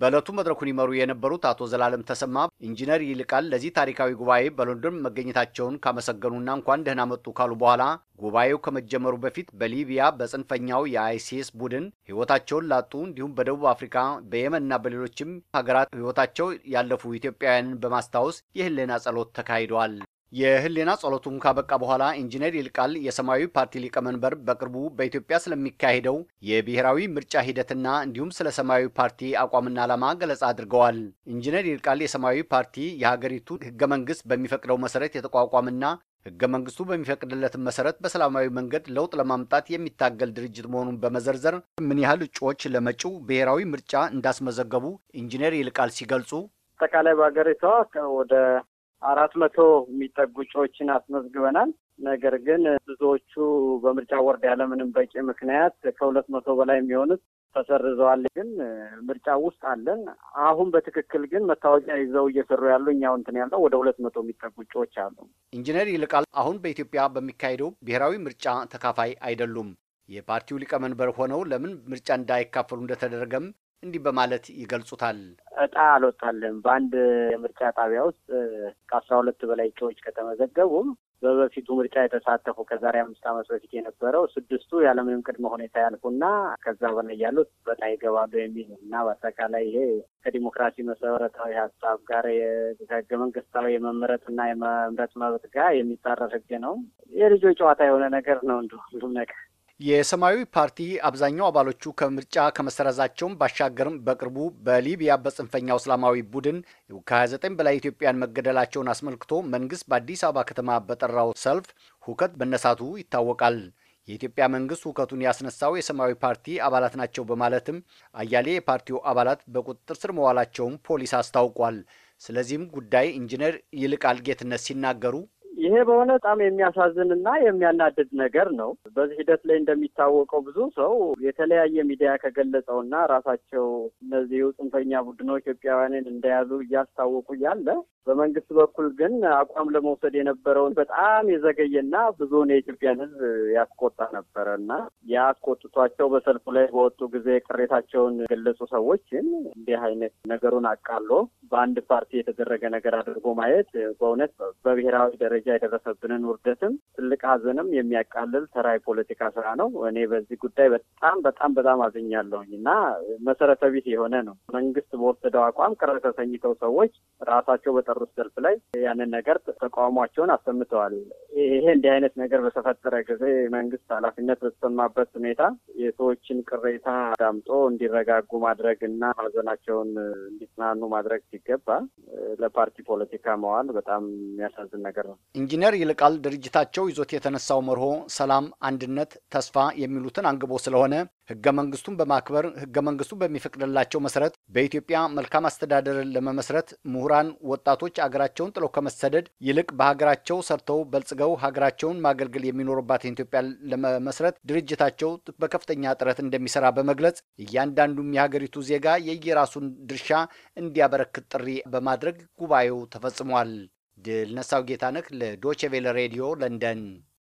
በዕለቱ መድረኩን ይመሩ የነበሩት አቶ ዘላለም ተሰማ ኢንጂነር ይልቃል ለዚህ ታሪካዊ ጉባኤ በሎንዶን መገኘታቸውን ካመሰገኑና እንኳን ደህና መጡ ካሉ በኋላ ጉባኤው ከመጀመሩ በፊት በሊቢያ በጽንፈኛው የአይሲስ ቡድን ሕይወታቸውን ላጡ እንዲሁም በደቡብ አፍሪካ በየመንና በሌሎችም ሀገራት ሕይወታቸው ያለፉ ኢትዮጵያውያንን በማስታወስ የህልና ጸሎት ተካሂደዋል። የህሊና ጸሎቱን ካበቃ በኋላ ኢንጂነር ይልቃል የሰማያዊ ፓርቲ ሊቀመንበር በቅርቡ በኢትዮጵያ ስለሚካሄደው የብሔራዊ ምርጫ ሂደትና እንዲሁም ስለ ሰማያዊ ፓርቲ አቋምና ዓላማ ገለጻ አድርገዋል። ኢንጂነር ይልቃል የሰማያዊ ፓርቲ የሀገሪቱ ህገ መንግስት በሚፈቅደው መሰረት የተቋቋመና ህገ መንግስቱ በሚፈቅድለትም መሰረት በሰላማዊ መንገድ ለውጥ ለማምጣት የሚታገል ድርጅት መሆኑን በመዘርዘር ምን ያህል እጩዎች ለመጪው ብሔራዊ ምርጫ እንዳስመዘገቡ ኢንጂነር ይልቃል ሲገልጹ አጠቃላይ በሀገሪቷ ወደ አራት መቶ የሚጠጉ እጩዎችን አስመዝግበናል። ነገር ግን ብዙዎቹ በምርጫ ቦርድ ያለምንም በቂ ምክንያት ከሁለት መቶ በላይ የሚሆኑት ተሰርዘዋል። ግን ምርጫ ውስጥ አለን። አሁን በትክክል ግን መታወቂያ ይዘው እየሰሩ ያሉ እኛው እንትን ያለው ወደ ሁለት መቶ የሚጠጉ እጩዎች አሉ። ኢንጂነር ይልቃል አሁን በኢትዮጵያ በሚካሄደው ብሔራዊ ምርጫ ተካፋይ አይደሉም። የፓርቲው ሊቀመንበር ሆነው ለምን ምርጫ እንዳይካፈሉ እንደተደረገም እንዲህ በማለት ይገልጹታል። እጣ አልወጣልም። በአንድ የምርጫ ጣቢያ ውስጥ ከአስራ ሁለት በላይ እጩዎች ከተመዘገቡም በበፊቱ ምርጫ የተሳተፉ ከዛሬ አምስት ዓመት በፊት የነበረው ስድስቱ ያለምንም ቅድመ ሁኔታ ያልፉና ከዛ በላይ ያሉት በጣ ይገባሉ የሚል እና በአጠቃላይ ይሄ ከዲሞክራሲ መሰረታዊ ሀሳብ ጋር ከህገ መንግስታዊ የመምረጥና የመምረጥ መብት ጋር የሚጻረር ህግ ነው። የልጆች ጨዋታ የሆነ ነገር ነው። እንደ ሁሉም ነገር የሰማያዊ ፓርቲ አብዛኛው አባሎቹ ከምርጫ ከመሰረዛቸውም ባሻገርም በቅርቡ በሊቢያ በጽንፈኛው እስላማዊ ቡድን ከ29 በላይ ኢትዮጵያን መገደላቸውን አስመልክቶ መንግስት በአዲስ አበባ ከተማ በጠራው ሰልፍ ሁከት መነሳቱ ይታወቃል። የኢትዮጵያ መንግስት ሁከቱን ያስነሳው የሰማያዊ ፓርቲ አባላት ናቸው በማለትም አያሌ የፓርቲው አባላት በቁጥጥር ስር መዋላቸውም ፖሊስ አስታውቋል። ስለዚህም ጉዳይ ኢንጂነር ይልቃል ጌትነት ሲናገሩ ይሄ በሆነ በጣም የሚያሳዝንና የሚያናድድ ነገር ነው። በዚህ ሂደት ላይ እንደሚታወቀው ብዙ ሰው የተለያየ ሚዲያ ከገለጸው ራሳቸው እነዚህ ጽንፈኛ ቡድኖች ኢትዮጵያውያንን እንደያዙ እያስታወቁ እያለ በመንግስት በኩል ግን አቋም ለመውሰድ የነበረውን በጣም የዘገየና ብዙውን የኢትዮጵያን ሕዝብ ያስቆጣ ነበረ እና ያስቆጥቷቸው በሰልፉ ላይ በወጡ ጊዜ ቅሬታቸውን የገለጹ ሰዎችን እንዲህ አይነት ነገሩን አቃሎ በአንድ ፓርቲ የተደረገ ነገር አድርጎ ማየት በእውነት በብሔራዊ ደረጃ የደረሰብንን ውርደትም ትልቅ ሀዘንም የሚያቃልል ተራ የፖለቲካ ስራ ነው። እኔ በዚህ ጉዳይ በጣም በጣም በጣም አዝኛለሁኝ እና መሰረተ ቢስ የሆነ ነው። መንግስት በወሰደው አቋም ቅር ተሰኝተው ሰዎች ራሳቸው በጠሩት ሰልፍ ላይ ያንን ነገር ተቃውሟቸውን አሰምተዋል። ይሄ እንዲህ አይነት ነገር በተፈጠረ ጊዜ መንግስት ኃላፊነት በተሰማበት ሁኔታ የሰዎችን ቅሬታ ዳምጦ እንዲረጋጉ ማድረግ እና ሀዘናቸውን እንዲጽናኑ ማድረግ ሲገባ ለፓርቲ ፖለቲካ መዋል በጣም የሚያሳዝን ነገር ነው። ኢንጂነር ይልቃል ድርጅታቸው ይዞት የተነሳው መርሆ ሰላም፣ አንድነት፣ ተስፋ የሚሉትን አንግቦ ስለሆነ ህገ መንግስቱን በማክበር ህገ መንግስቱን በሚፈቅድላቸው መሰረት በኢትዮጵያ መልካም አስተዳደርን ለመመስረት ምሁራን፣ ወጣቶች አገራቸውን ጥለው ከመሰደድ ይልቅ በሀገራቸው ሰርተው በልጽገው ሀገራቸውን ማገልገል የሚኖርባትን ኢትዮጵያ ለመመስረት ድርጅታቸው በከፍተኛ ጥረት እንደሚሰራ በመግለጽ እያንዳንዱም የሀገሪቱ ዜጋ የየራሱን ድርሻ እንዲያበረክት ጥሪ በማድረግ ጉባኤው ተፈጽሟል። ድል ነሳው ጌታነህ ለዶቼ ቬለ ሬዲዮ ለንደን